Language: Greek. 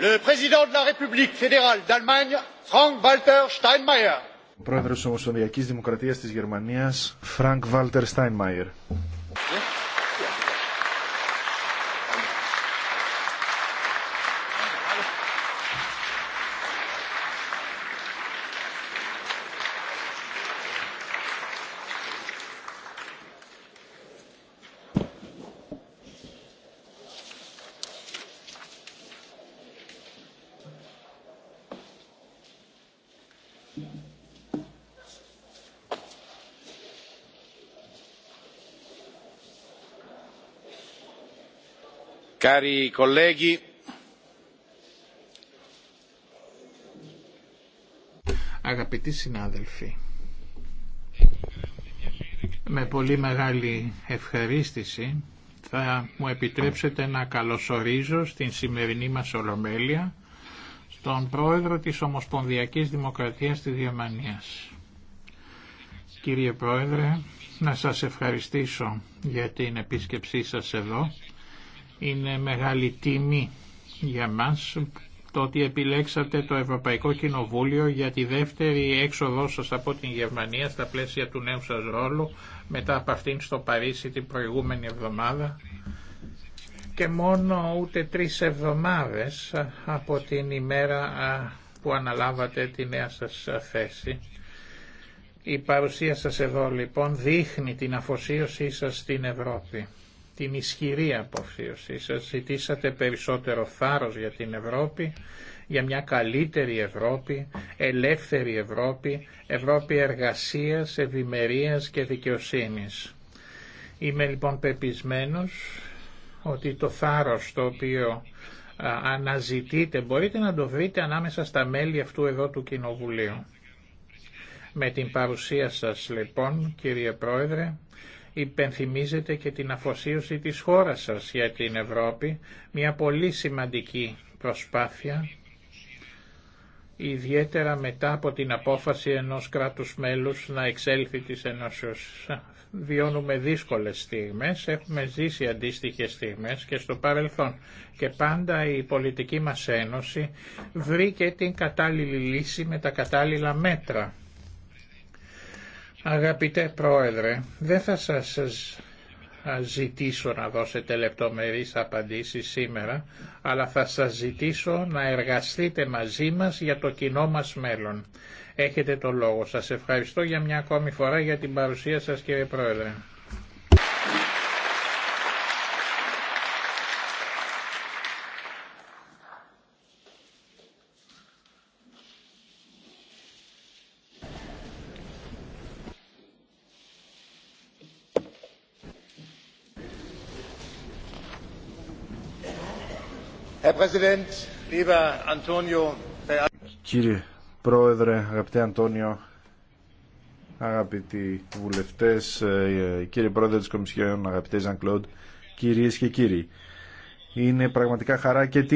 Le président de la République fédérale d'Allemagne, Frank-Walter Steinmeier. Ο πρόεδρος της Ομοσπονδιακής Δημοκρατίας της Γερμανίας, Frank-Walter Steinmeier. Cari colleghi, αγαπητοί συνάδελφοι, με πολύ μεγάλη ευχαρίστηση θα μου επιτρέψετε να καλωσορίζω στην σημερινή μας Ολομέλεια τον πρόεδρο της Ομοσπονδιακής Δημοκρατίας της Γερμανίας. Κύριε Πρόεδρε, να σας ευχαριστήσω για την επίσκεψή σας εδώ είναι μεγάλη τιμή για μας το ότι επιλέξατε το Ευρωπαϊκό Κοινοβούλιο για τη δεύτερη έξοδό σας από την Γερμανία στα πλαίσια του νέου σας ρόλου μετά από αυτήν στο Παρίσι την προηγούμενη εβδομάδα και μόνο ούτε τρεις εβδομάδες από την ημέρα που αναλάβατε τη νέα σας θέση. Η παρουσία σας εδώ λοιπόν δείχνει την αφοσίωσή σας στην Ευρώπη την ισχυρή αποφύωση. Σας ζητήσατε περισσότερο θάρρος για την Ευρώπη, για μια καλύτερη Ευρώπη, ελεύθερη Ευρώπη, Ευρώπη εργασίας, ευημερίας και δικαιοσύνης. Είμαι λοιπόν πεπισμένος ότι το θάρρος το οποίο αναζητείτε μπορείτε να το βρείτε ανάμεσα στα μέλη αυτού εδώ του Κοινοβουλίου. Με την παρουσία σας λοιπόν κύριε Πρόεδρε υπενθυμίζετε και την αφοσίωση της χώρας σας για την Ευρώπη, μια πολύ σημαντική προσπάθεια, ιδιαίτερα μετά από την απόφαση ενός κράτους μέλους να εξέλθει της Ενώσεως. Βιώνουμε δύσκολες στιγμές, έχουμε ζήσει αντίστοιχες στιγμές και στο παρελθόν και πάντα η πολιτική μας ένωση βρήκε την κατάλληλη λύση με τα κατάλληλα μέτρα Αγαπητέ Πρόεδρε, δεν θα σας ζητήσω να δώσετε λεπτομερείς απαντήσεις σήμερα, αλλά θα σας ζητήσω να εργαστείτε μαζί μας για το κοινό μας μέλλον. Έχετε το λόγο. Σας ευχαριστώ για μια ακόμη φορά για την παρουσία σας κύριε Πρόεδρε. Κύριε Πρόεδρε, αγαπητέ Αντώνιο, αγαπητοί βουλευτές, ε, κύριε Πρόεδρε της Κομισιόν, αγαπητέ Ζαν Κλοντ, κυρίες και κύριοι, είναι πραγματικά χαρά και τι